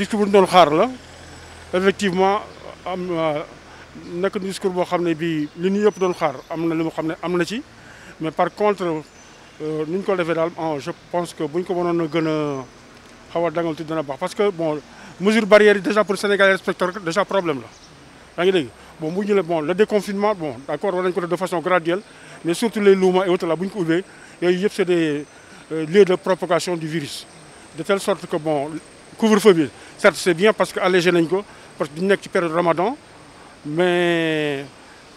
discours bu le doon xaar effectivement am nekk discours boo xam bi bii li ñu yëpp doon xaar am na li mu am na ci mais par contre euh, ni ñu ko defee daal je pense que bu ñu ko mënoon a gën a xaw a dangal tuuti dana baax parce que bon mesure barrière déjà pour Sénégal respecteur déjà problème là. yaa ngi dégg bon bu le bon le déconfinement bon d'accord, accord war nañu ko def de façon graduelle mais surtout les luuma et autres là bu ñu ko ubbee yooyu yëpp des euh, lieux de propagation du virus de telle sorte que bon couvre-feu bi certes c'est bien parce que est nañ parce que n'y a ci période ramadan mais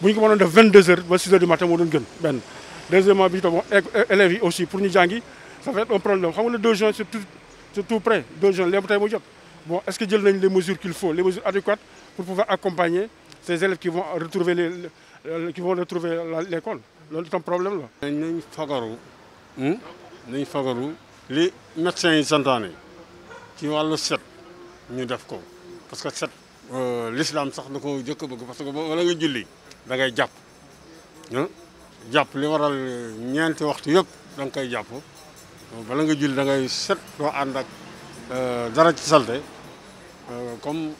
bu ñu ko 22 h 26 6 heures du matin gën deuxièmement bi e-, aussi pour nous, ça va être un problème xam nga le 2 juin c'est tout tout près bon est-ce que jël les mesures qu'il faut les mesures adéquates pour pouvoir accompagner ces élèves qui vont retrouver les qui vont retrouver l'école C'est un problème là. nañ médecins nañ médecins hmm? Les médecins yi qui ont le ñu def ko parce que set euh, l'islam sax da ko jëkk bëgg parce que wala nga julli da ngay jàpp jàpp li waral ñeenti waxtu yëpp da koy jàpp bala nga julli da ngay set doo ànd ak euh, dara ci salte euh, comme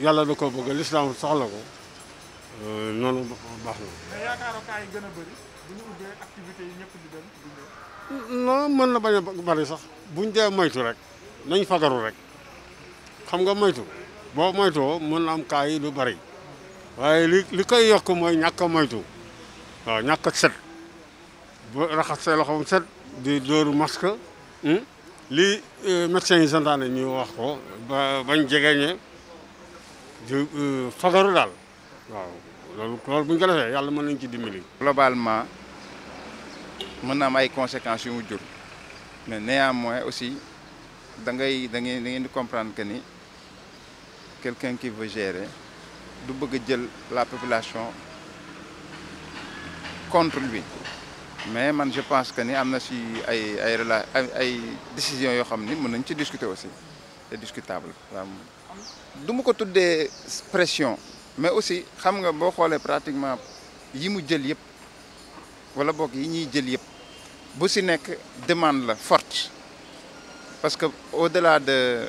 yàlla da ko bëgg l'islam soxla ko noonu baax na. mais yaakaaroo kaa yi gën bu ñu mën na bañ a bëri sax buñ dee moytu rek nañ fagaru rek. xam nga moytu boo moytoo mën na am kaa yi du bari waaye li li koy yokk mooy ñàkk moytu waaw ñàkk set ba raxas say loxo set di dóoru masque hmm? li euh, médecin yi santaane ñu wax ko ba bañ jegeñe di euh, fagaru daal waaw loolu loolu buñ ko defee yàlla mën nañ ci dimbali globalement mën na am ay conséquences yu mu jur mais néanmoins aussi da ngay da da ngeen di comprendre que ni quelqu'un qui veut gérer du la population contre lui mais je pense que ni avons des décisions qui peuvent discuter aussi c'est discutable ne veux pas ko des pression mais aussi xam nga que pratiquement ce jël yëpp wala boog yi ñuy jël yëpp bu si nekk demande forte parce que au-delà de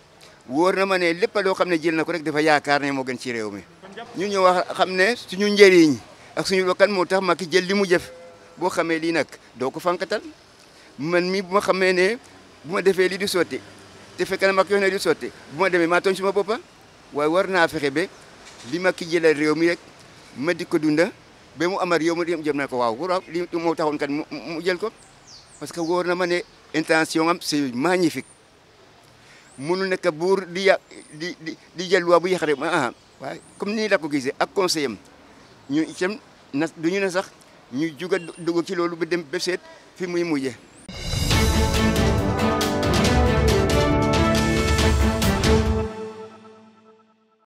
wóor na ma ne lépp loo xam ne jël na ko rek dafa yaakaar ne moo gën ci réew mi ñu ñu wax xam ne suñu njëriñ ak suñu kan moo tax ki jël li mu jëf boo xamee lii nag doo ko fankatal man mi bu ma xamee ne bu ma defee lii du sotti te fekk na Macky wax ne du bu ma demee maa tooñ suma boppa waaye war naa fexe ba li Macky jëlal réew mi rek ma di ko dunda ba mu amar yow ma jëm na ko waaw waaw li moo taxoon kat mu jël ko parce que wóor na ma ne intention am c'est magnifique mënul nekk buur di ya di di di jël loi bu yàq rek ah, ah waaye comme nii la ko gisee ak conseil ñu itam na du ñu ne sax ñu juga dugg ci loolu ba dem ba seet fi muy mujjee.